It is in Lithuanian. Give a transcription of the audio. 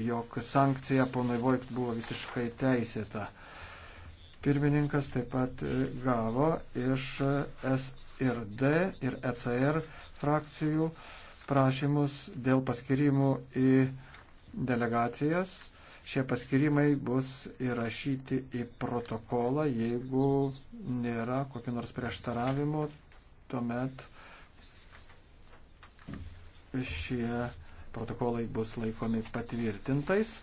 jog sankcija ponui Voigt buvo visiškai teisėta. Pirmininkas taip pat e, gavo iš e, SRD ir ECR e frakcijų prašymus dėl paskirimų į delegacijas. Šie paskirimai bus įrašyti į protokolą, jeigu nėra kokiu nors prieštaravimu, tuomet šie protokolai bus laikomi patvirtintais.